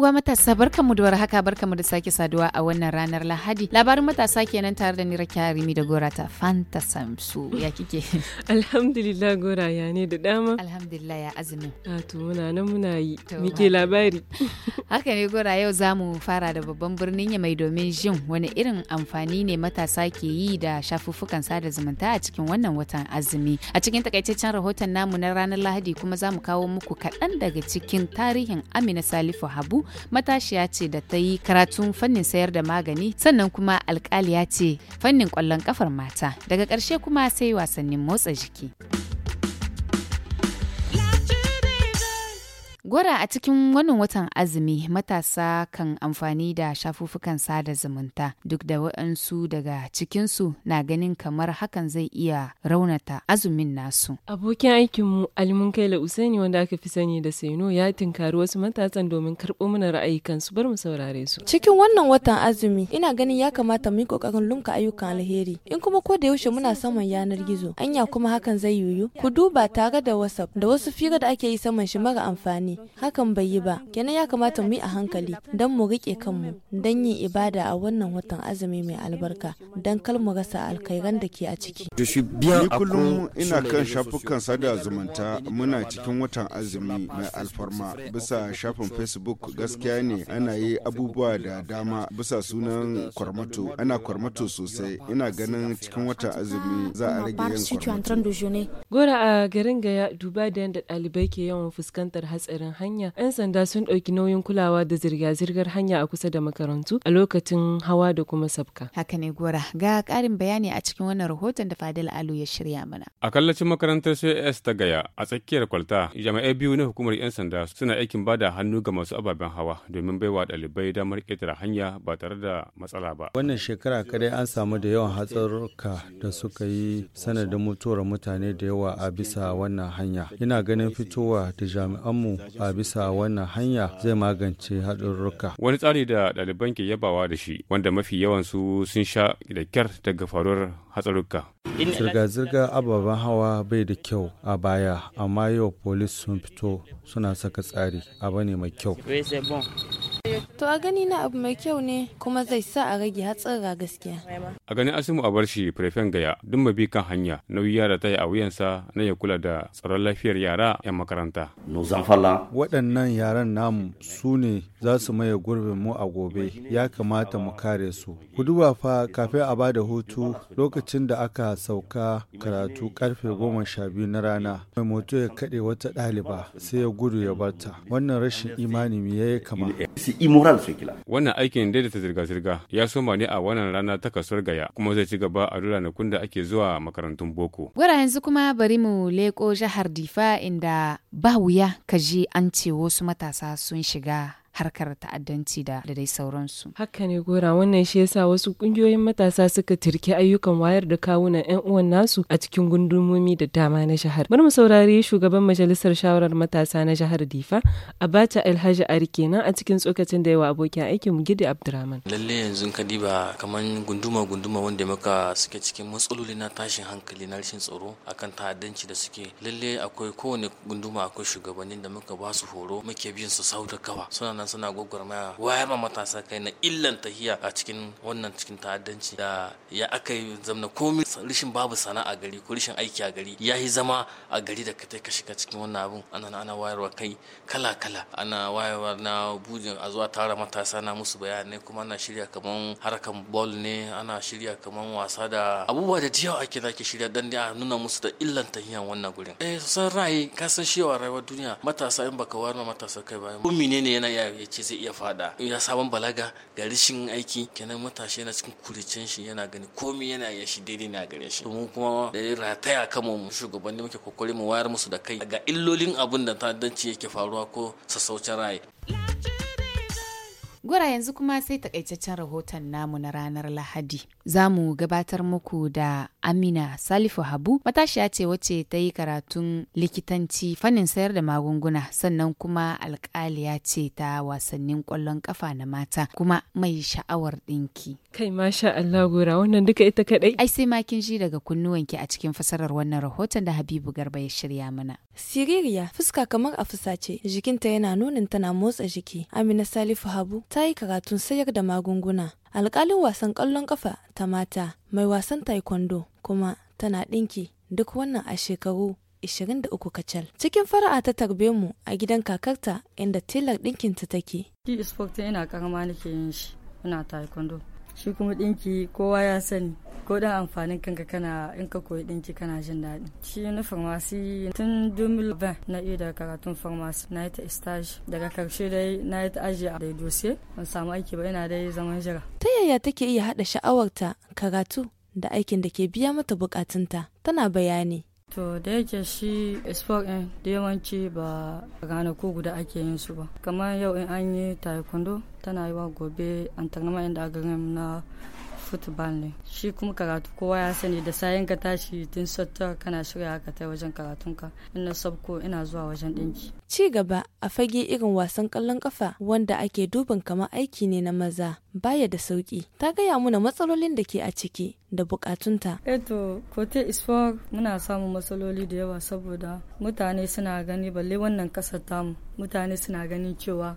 uwa matasa barkamu da warhaka barkamu da sake saduwa a wannan ranar Lahadi. Labarin matasa kenan tare da nira kyarimi da Gora ta Fanta Samsu ya kike. Alhamdulillah Gora ya ne da dama. Alhamdulillah ya azumi. A to muna nan muna yi. Muke labari. Haka ne Gora yau zamu fara da babban birnin ya mai domin jin wani irin amfani ne matasa ke yi da shafuffukan sada zumunta a cikin wannan watan azumi. A cikin takaitaccen rahoton namu na ranar Lahadi kuma zamu kawo muku kaɗan daga cikin tarihin Amina Salifu Habu matashiya ce da ta yi karatun fannin sayar da magani sannan kuma alkaliya ce fannin kwallon kafar mata daga ƙarshe kuma sai wasannin motsa jiki. Gwara a cikin wannan watan azumi matasa kan amfani da shafuffukan sada zumunta duk da waɗansu daga cikinsu na ganin kamar hakan zai iya raunata azumin nasu. Abokin aikinmu Alimunkaila Usaini wanda aka fi sani da Saino ya tinkari wasu matasan domin karɓo mana ra'ayi kansu bar mu saurare su. Cikin wannan watan azumi ina ganin ya kamata mu yi ƙoƙarin lunka ayyukan alheri in kuma ko da yaushe muna saman yanar gizo anya kuma hakan zai yiwu ku duba tare da WhatsApp da wasu fira da ake yi saman shi mara amfani hakan bai yi ba kenan ya kamata mu yi a hankali don mu riƙe kanmu don yin ibada a wannan watan azumi mai albarka don kalmu rasa alkairan da ke a ciki ni kullum ina kan shafukan sada zumunta muna cikin watan azumi mai alfarma bisa shafin facebook gaskiya ne ana yi abubuwa da dama bisa sunan kwarmato ana kwarmato sosai ina ganin cikin watan azumi za a rage yin kwarmato gora a garin gaya duba da yadda ɗalibai ke yawan fuskantar hatsarin wannan hanya 'yan sanda sun ɗauki nauyin kulawa da zirga-zirgar hanya a kusa da makarantu a lokacin hawa da kuma sabka haka ne gora ga ƙarin bayani a cikin wannan rahoton da fadil alu ya shirya mana a kallacin makarantar cs ta gaya a tsakiyar kwalta jama'ai biyu na hukumar 'yan sanda suna aikin bada hannu ga masu ababen hawa domin baiwa ɗalibai damar ƙetare hanya ba tare da matsala ba wannan shekara kadai an samu da yawan hatsarurruka da suka yi sanadin mutuwar mutane da yawa a bisa wannan hanya ina ganin fitowa da jami'anmu a bisa wannan hanya zai magance haɗurruka. Wani tsari da ɗaliban ke yabawa da shi wanda mafi yawan su sun sha da kyar daga faruwar hatsarurruka. Zirga-zirga ababen hawa bai da kyau a baya amma yau polis sun fito suna saka tsari abu ne mai kyau. To a gani na abu mai kyau ne kuma zai sa a rage ga gaskiya. A ganin Asimu a bar shi prefen gaya duk mabi kan hanya nauyi yara ta yi a wuyansa na ya kula da tsaron lafiyar yara 'yan makaranta. Waɗannan yaran namu su ne za su maye gurbin mu a gobe ya kamata mu kare su. Ku duba fa kafin a bada hutu lokacin da aka sauka karatu karfe goma sha biyu na rana mai moto ya kaɗe wata ɗaliba sai ya gudu ya barta wannan rashin imani mu ya yi kama. Wannan aikin daidaita zirga-zirga ya soma ne a wannan rana ta kasuwar gaya kuma zai ci gaba a ranakun da ake zuwa makarantun boko. Gwara yanzu kuma bari mu leko jihar Difa inda ba wuya ka ji an ce wasu matasa sun shiga harkar ta'addanci da da dai sauransu. Haka ne gora wannan shi yasa wasu kungiyoyin matasa suka tirki ayyukan wayar da kawunan 'yan uwan nasu a cikin gundumomi da dama na shahar. Bari mu saurari shugaban majalisar shawarar matasa na jihar Difa Abacha Alhaji Ari kenan a cikin tsokacin da yawa abokin aikin mu Gidi Abdurrahman. Lalle yanzu ka diba kamar gunduma gunduma wanda muka suke cikin matsaloli na tashin hankali na rashin tsaro akan ta'addanci da suke lalle akwai kowane gunduma akwai shugabannin da muka ba su horo muke bin su sau da kawa suna nan suna gwagwarmaya waya ma matasa kai na illan tahiya a cikin wannan cikin ta'addanci da ya aka yi zamna komi rishin babu sana'a gari ko rishin aiki a gari ya yi zama a gari da kai ka shiga cikin wannan abun ana ana wayarwa kai kala kala ana wayarwa na bujin a zuwa tara matasa na musu bayanai kuma ana shirya kaman harkan bol ne ana shirya kaman wasa da abubuwa da jiyawa ake zaki shirya dan da nuna musu da illan tahiyan wannan gurin eh san rai ka san shewa rayuwar duniya matasa in baka wayar matasa kai ba ne menene yana ya ce zai iya fada ya sabon balaga ga rashin aiki kenan matashi yana cikin kuricin shi yana gani komai yana ya shi daidai na gare shi domin kuma da rataya kan mu shugabanni muke kokari mu wayar musu da kai ga illolin abun da ta'addanci yake faruwa ko sassaucin raya. Gwara yanzu kuma sai takaitaccen rahoton namu na ranar Lahadi. Za mu gabatar muku da Amina Salifu Habu matashiya ce wacce ta yi karatun likitanci fannin sayar da magunguna sannan kuma alƙaliya ce ta wasannin ƙwallon ƙafa na mata kuma mai sha'awar ɗinki. Kai masha Allah gora wannan duka ita kaɗai. Ai sai makin kin ji daga kunnuwanki a cikin fasarar wannan rahoton da Habibu Garba ya shirya mana. Siririya fuska kamar a fusace jikinta yana nunin tana motsa jiki. Amina Salifu Habu ta yi karatun sayar da magunguna alkalin wasan ƙwallon ƙafa ta mata mai wasan taekwondo kuma tana ɗinki duk wannan a shekaru 23 kacal. Cikin fara'a ta tarbe mu a gidan kakarta inda tilar ɗinkinta take. Ki sport ina karama nake yin shi, ina taekwondo. Shi kuma ɗinki kowa ya sani ko dan amfanin kanka kana in ka koyi dinki kana jin daɗi shi na farmasi tun 2020 na iya da karatun farmasi na yi ta stage daga karshe dai na yi ta ajiye a dai dosiye ban samu aiki ba ina dai zaman jira ta yaya take iya haɗa sha'awarta karatu da aikin da ke biya mata bukatunta tana bayani to da yake shi sport in, da yawanci ba ranaku guda ake yin su ba kamar yau in an yi taekwondo tana yi wa gobe an tarnama inda a garin na football ne shi kuma karatu kowa ya sani da sayan ka tashi tun sattar kana shirya ka ta wajen karatunka ina sabko ina zuwa wajen ɗinki. ci gaba a fage irin wasan kallon kafa wanda ake dubin kamar aiki ne na maza baya da sauki ta gaya mana matsalolin da ke a ciki da bukatunta. Eto, eh kote isfor muna samun matsaloli da yawa saboda mutane suna gani balle wannan kasar tamu mutane suna ganin cewa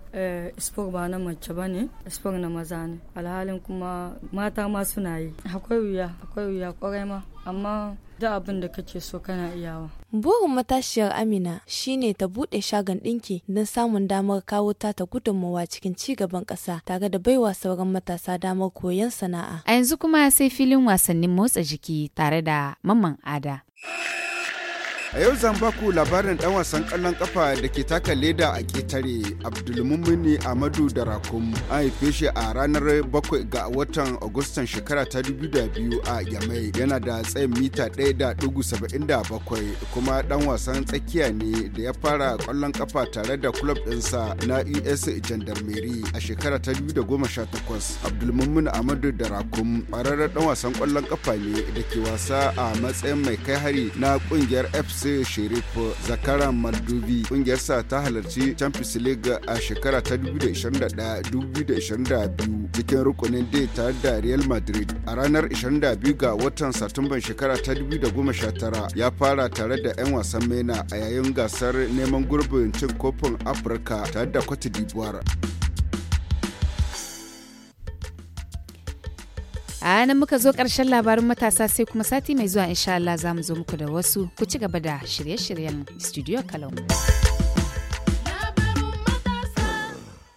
isfor eh, ba na mace ba ne isfor na maza ne alhalin kuma mata ma suna yi akwai wuya akwai wuya kwarai ma amma da abin da kake so kana iyawa Burin matashiyar Amina shine ta buɗe shagon ɗinki don samun damar kawo ta ta gudunmawa cikin ci gaban ƙasa tare da baiwa sauran matasa damar koyon sana'a. A yanzu kuma sai filin wasannin motsa jiki tare da Mamman Ada. A yau zan baku labarin dan wasan kwallon kafa da ke taka leda a ƙetare Abdulmumini Amadu rakum an haife shi a ranar 7 ga watan Agustan shekara ta 2002 a Yamai yana da tsayin mita 1.77 kuma dan wasan tsakiya ne da ya fara kwallon kafa tare da kulob sa na US Gendarmerie a shekara ta 2018. Abdulmumini Amadu Darakum ƙwararren dan wasan kwallon kafa ne da ke wasa a matsayin mai kai hari na kungiyar FC shere fa Zakara Maldubi ƙungiyarsa ta halarci Champions League a shekara ta 2021-2022 cikin rukunin D tare da Real Madrid. A ranar 22 ga watan Satumban shekara ta 2019 ya fara tare da 'yan wasan MENA a yayin gasar neman gurbin cin kofin Afirka tare da Cote d'Ivoire. a nan muka zo ƙarshen labarin matasa sai kuma sati mai zuwa insha Allah za mu zo muku da wasu ku ci gaba da shirye-shiryen studio kalangu.